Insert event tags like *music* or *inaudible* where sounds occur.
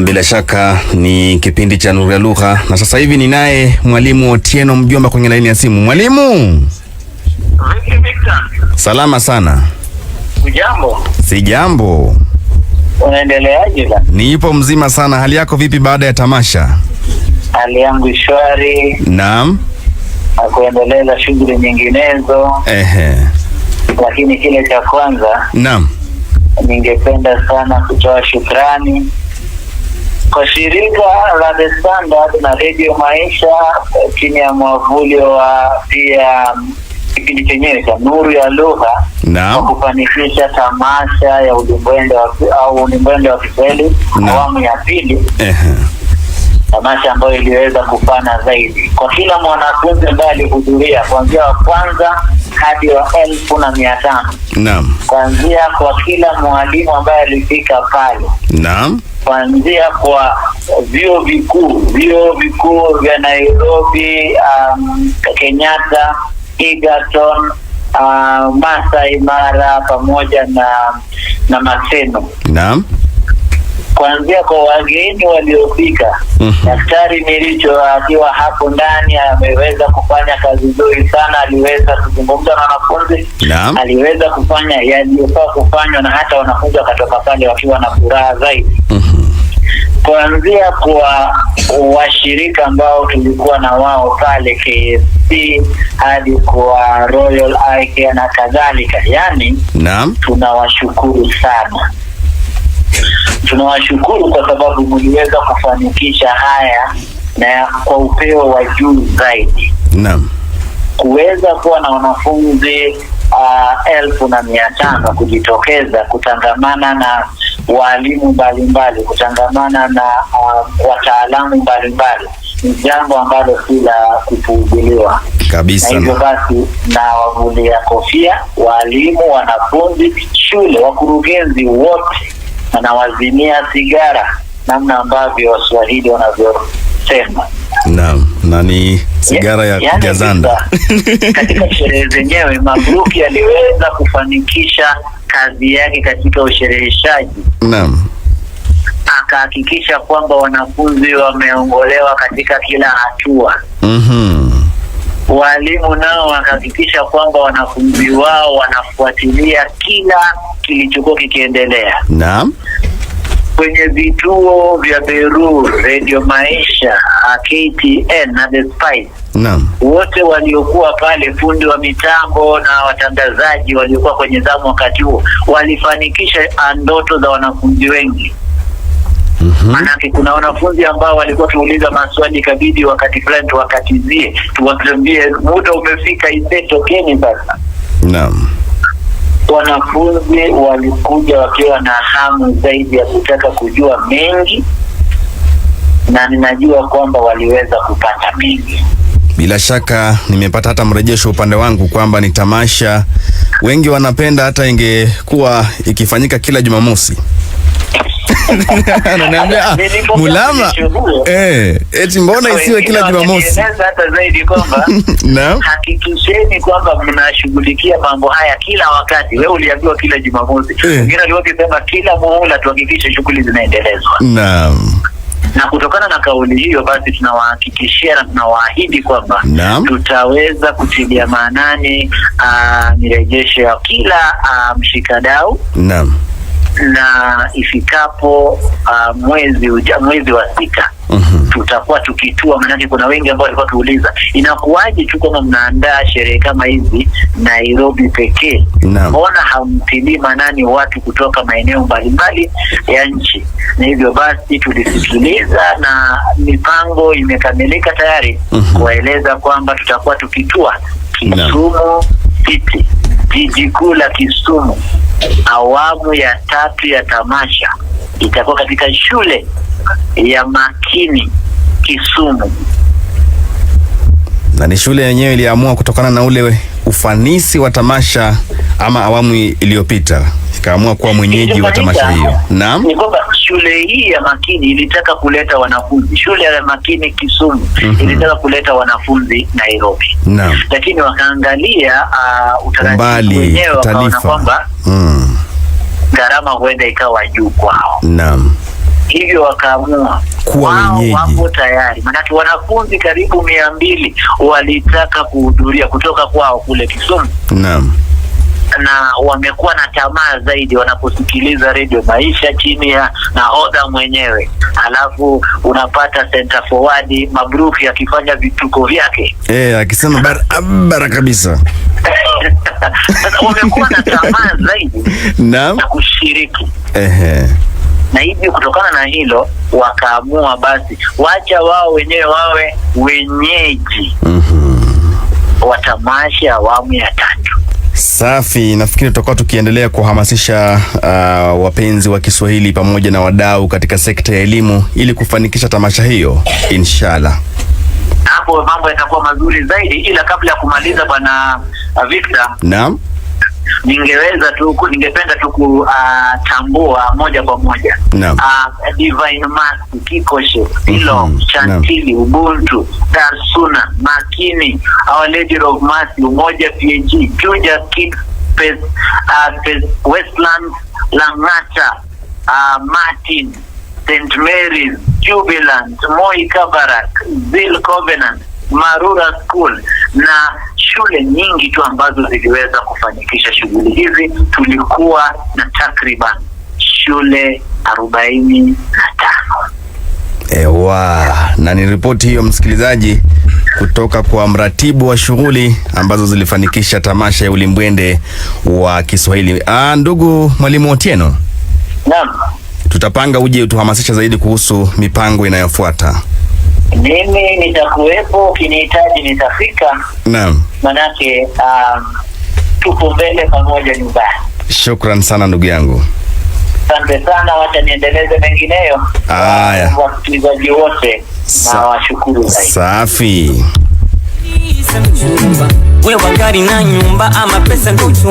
bila shaka ni kipindi cha Nuru ya Lugha na sasa hivi ni naye Mwalimu Otieno Mjomba kwenye laini ya simu. Mwalimu, salama sana. Ujambo? Si jambo. Unaendeleaje? Niipo mzima sana. Hali yako vipi baada ya tamasha? Hali yangu shwari. Naam. Na kuendeleza shughuli nyinginezo. Ehe. Lakini kile cha kwanza. Naam. Ningependa sana kutoa shukrani kwa shirika la The Standard na Radio Maisha eh, chini ya mwavuli wa pia mm, kipindi chenyewe cha Nuru ya Lugha na kufanikisha tamasha ya ulimbwende au ulimbwende wa Kiswahili awamu ya pili tamasha ambayo iliweza kufana zaidi kwa kila mwanafunzi ambaye alihudhuria kuanzia wa kwanza hadi wa elfu na mia tano naam, kuanzia kwa kila mwalimu ambaye alifika pale naam, kuanzia kwa vyuo vikuu vyuo vikuu vya Nairobi, um, Kenyatta, Egerton, uh, Masai Mara pamoja na na Maseno naam kuanzia kwa wageni waliofika. Mhm. Daktari mm -hmm. Milicho akiwa hapo ndani ameweza kufanya kazi nzuri sana, aliweza kuzungumza na wanafunzi, aliweza kufanya yaliyofaa kufanywa, na hata wanafunzi wakatoka pale wakiwa na furaha zaidi mm -hmm. Kuanzia kwa washirika ambao tulikuwa na wao pale KFC hadi kwa Royal Eye Care na kadhalika, yani tunawashukuru sana Tunawashukuru kwa sababu mliweza kufanikisha haya na kwa upeo wa juu zaidi. Naam, kuweza kuwa na wanafunzi uh, elfu na mia tano kujitokeza kutangamana na waalimu mbalimbali, kutangamana na uh, wataalamu mbalimbali ni jambo ambalo si la kupuuziliwa kabisa. Na hivyo basi, wavulia kofia waalimu, wanafunzi, shule, wakurugenzi wote anawazimia sigara, namna ambavyo Waswahili wanavyosema. Naam, na ni sigara ya gazanda. *laughs* Katika sherehe zenyewe, Mabruki aliweza kufanikisha kazi yake katika ushereheshaji. Naam, akahakikisha kwamba wanafunzi wameongolewa katika kila hatua. mm -hmm walimu nao wakahakikisha kwamba wanafunzi wao wanafuatilia kila kilichokuwa kikiendelea. Naam, kwenye vituo vya Beru, Radio Maisha, KTN na The Spice. Naam, wote waliokuwa pale, fundi wa mitambo na watangazaji waliokuwa kwenye zamu wakati huo, walifanikisha ndoto za wanafunzi wengi. Maanake kuna wanafunzi ambao walikuwa tuuliza maswali kabidi wakati fulani tuwakatizie, tuwatambie muda umefika, isetokeni sasa. Naam, wanafunzi walikuja wakiwa na hamu zaidi ya kutaka kujua mengi, na ninajua kwamba waliweza kupata mengi. Bila shaka nimepata hata mrejesho upande wangu kwamba ni tamasha wengi wanapenda, hata ingekuwa ikifanyika kila Jumamosi. *laughs* ananiambia ah, Mulama eh, eti mbona isiwe kila Jumamosi? Hata zaidi kwamba *laughs* hakikisheni kwamba mnashughulikia mambo haya kila wakati. Wewe uliambiwa kila Jumamosi, eh. wengine walikuwa wakisema kila muhula tuhakikishe shughuli zinaendelezwa. Naam na kutokana na kauli hiyo basi, tunawahakikishia na tunawaahidi kwamba tutaweza kutilia maanani ah, mirejesho ya kila ah, mshikadau. Naam na ifikapo uh, mwezi uja, mwezi wa sita mm -hmm. tutakuwa tukitua, maanake kuna wengi ambao walikuwa wakiuliza inakuwaje tu kama mnaandaa sherehe kama hizi Nairobi pekee, mbona hamtilii manani watu kutoka maeneo mbalimbali ya nchi? Na hivyo basi tulisikiliza na mipango imekamilika tayari mm -hmm. kuwaeleza kwamba tutakuwa tukitua Kisumu City jiji kuu la Kisumu. Awamu ya tatu ya tamasha itakuwa katika shule ya Makini Kisumu, na ni shule yenyewe iliamua kutokana na ule ufanisi wa tamasha ama awamu iliyopita ikaamua kuwa mwenyeji wa tamasha hiyo. Naam, ni kwamba shule hii ya Makini ilitaka kuleta wanafunzi, shule ya Makini Kisumu mm -hmm. ilitaka kuleta wanafunzi Nairobi. Naam, lakini wakaangalia uh, utaratibu wenyewe wakaona kwamba mm. gharama huenda ikawa juu kwao. Naam, hivyo wakaamua wenyeji wapo tayari, maanake wanafunzi karibu mia mbili walitaka kuhudhuria kutoka kwao kule Kisumu. Naam na wamekuwa na tamaa zaidi wanaposikiliza redio Maisha chini ya nahodha mwenyewe, alafu unapata center forward Mabruki akifanya vituko vyake eh, akisema barabara kabisa. wamekuwa na tamaa *laughs* zaidi na kushiriki ehe na hivyo kutokana na hilo wakaamua basi, wacha wao wenyewe wawe wenyeji mm -hmm. wa tamasha awamu ya tatu. Safi, nafikiri tutakuwa tukiendelea kuhamasisha uh, wapenzi wa Kiswahili pamoja na wadau katika sekta ya elimu ili kufanikisha tamasha hiyo inshallah. Hapo mambo yatakuwa mazuri zaidi, ila kabla ya kumaliza bwana Victor. Naam ningeweza tu, ningependa tu kutambua ah, uh, moja kwa moja no. uh, ah, Divine Mercy, Kikoshe, hilo mhm. mm -hmm. Chantili, no. Ubuntu, tarsuna Makini, Our Lady of Mercy, Umoja pg e, Juja Kids, Space, uh, Space, Langata, uh, Martin, St Mary's, Jubilant, Moi Kabarak, Zil Covenant Marura School na shule nyingi tu ambazo ziliweza kufanikisha shughuli hizi. Tulikuwa na takriban shule arobaini na tano. Ewa, na ni ripoti hiyo msikilizaji, kutoka kwa mratibu wa shughuli ambazo zilifanikisha tamasha ya ulimbwende wa Kiswahili. Ah, ndugu mwalimu Otieno. Naam. Tutapanga uje utuhamasisha zaidi kuhusu mipango inayofuata. Mimi nitakuwepo, ukinihitaji nitafika. Naam, manake um, tupo mbele pamoja nyumbani. Shukran sana ndugu yangu, asante sana, wacha niendeleze mengineyo. Haya, wasikilizaji wote nawashukuru zaidi. Safi. Wewe gari na nyumba ama pesa ndio